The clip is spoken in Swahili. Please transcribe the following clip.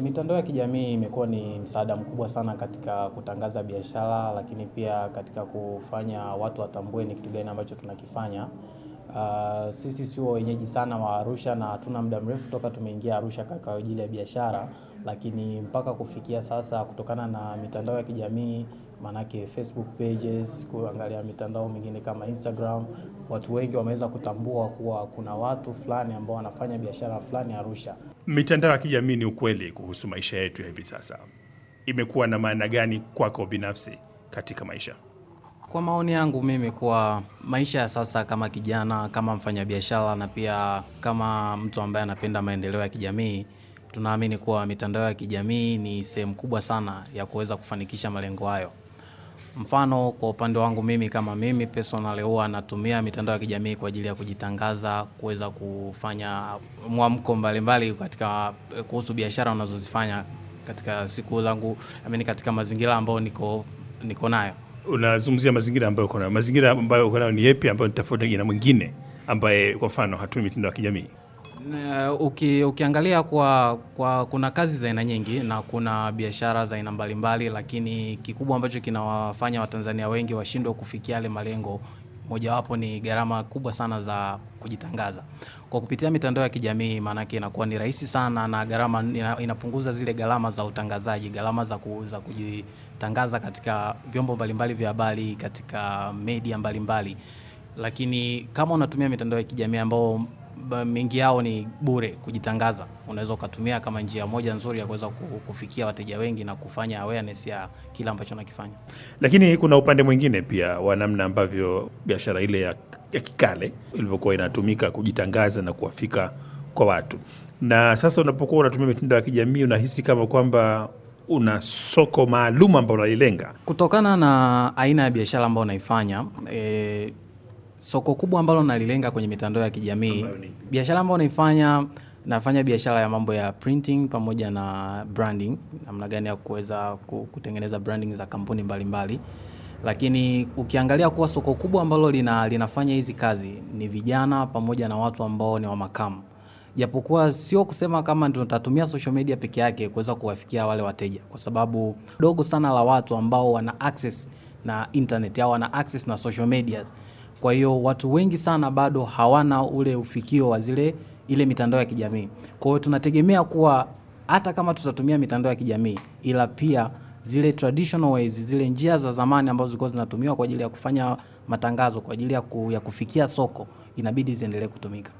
Mitandao ya kijamii imekuwa ni msaada mkubwa sana katika kutangaza biashara lakini pia katika kufanya watu watambue ni kitu gani ambacho tunakifanya. Uh, sisi sio wenyeji sana wa Arusha na hatuna muda mrefu toka tumeingia Arusha kwa ajili ya biashara, lakini mpaka kufikia sasa, kutokana na mitandao ya kijamii maanake Facebook pages, kuangalia mitandao mingine kama Instagram, watu wengi wameweza kutambua kuwa kuna watu fulani ambao wanafanya biashara fulani Arusha. Mitandao ya kijamii ni ukweli kuhusu maisha yetu ya hivi sasa, imekuwa na maana gani kwako binafsi katika maisha? Kwa maoni yangu mimi, kwa maisha ya sasa, kama kijana, kama mfanyabiashara na pia kama mtu ambaye anapenda maendeleo ya kijamii, tunaamini kuwa mitandao ya kijamii ni sehemu kubwa sana ya kuweza kufanikisha malengo hayo. Mfano, kwa upande wangu mimi kama mimi personal, huwa natumia mitandao ya kijamii kwa ajili ya kujitangaza, kuweza kufanya mwamko mbalimbali katika kuhusu biashara unazozifanya katika siku zangu, amini katika mazingira ambayo niko nayo unazungumzia mazingira ambayo uko nayo. Mazingira ambayo uko nayo ni yapi ambayo ni tofauti na mwingine ambaye kwa mfano hatumi mitindo ya kijamii? Uki, ukiangalia kwa, kwa kuna kazi za aina nyingi na kuna biashara za aina mbalimbali, lakini kikubwa ambacho kinawafanya Watanzania wengi washindwe kufikia yale malengo mojawapo ni gharama kubwa sana za kujitangaza. Kwa kupitia mitandao ya kijamii, maanake inakuwa ni rahisi sana na gharama inapunguza zile gharama za utangazaji, gharama za, ku, za kujitangaza katika vyombo mbalimbali vya habari, katika media mbalimbali Lakini kama unatumia mitandao ya kijamii ambao mengi yao ni bure kujitangaza. Unaweza ukatumia kama njia moja nzuri ya kuweza kufikia wateja wengi na kufanya awareness ya kile ambacho nakifanya. Lakini kuna upande mwingine pia wa namna ambavyo biashara ile ya, ya kikale ilivyokuwa inatumika kujitangaza na kuwafika kwa watu, na sasa unapokuwa unatumia mitandao ya kijamii unahisi kama kwamba una soko maalum ambao unalilenga kutokana na aina ya biashara ambayo unaifanya. E, soko kubwa ambalo nalilenga kwenye mitandao ya kijamii, biashara ambayo naifanya nafanya biashara ya mambo ya printing pamoja na branding, namna gani ya kuweza kutengeneza branding za kampuni mbalimbali mbali. Lakini ukiangalia kuwa soko kubwa ambalo lina, linafanya hizi kazi ni vijana pamoja na watu ambao ni wa makamu, japokuwa sio kusema kama ndio tutatumia social media peke yake kuweza kuwafikia wale wateja, kwa sababu dogo sana la watu ambao wana access na internet au wana access na social medias kwa hiyo watu wengi sana bado hawana ule ufikio wa zile ile mitandao ya kijamii. Kwa hiyo tunategemea kuwa hata kama tutatumia mitandao ya kijamii ila pia zile traditional ways, zile njia za zamani ambazo zilikuwa zinatumiwa kwa ajili ya kufanya matangazo, kwa ajili ya kufikia soko inabidi ziendelee kutumika.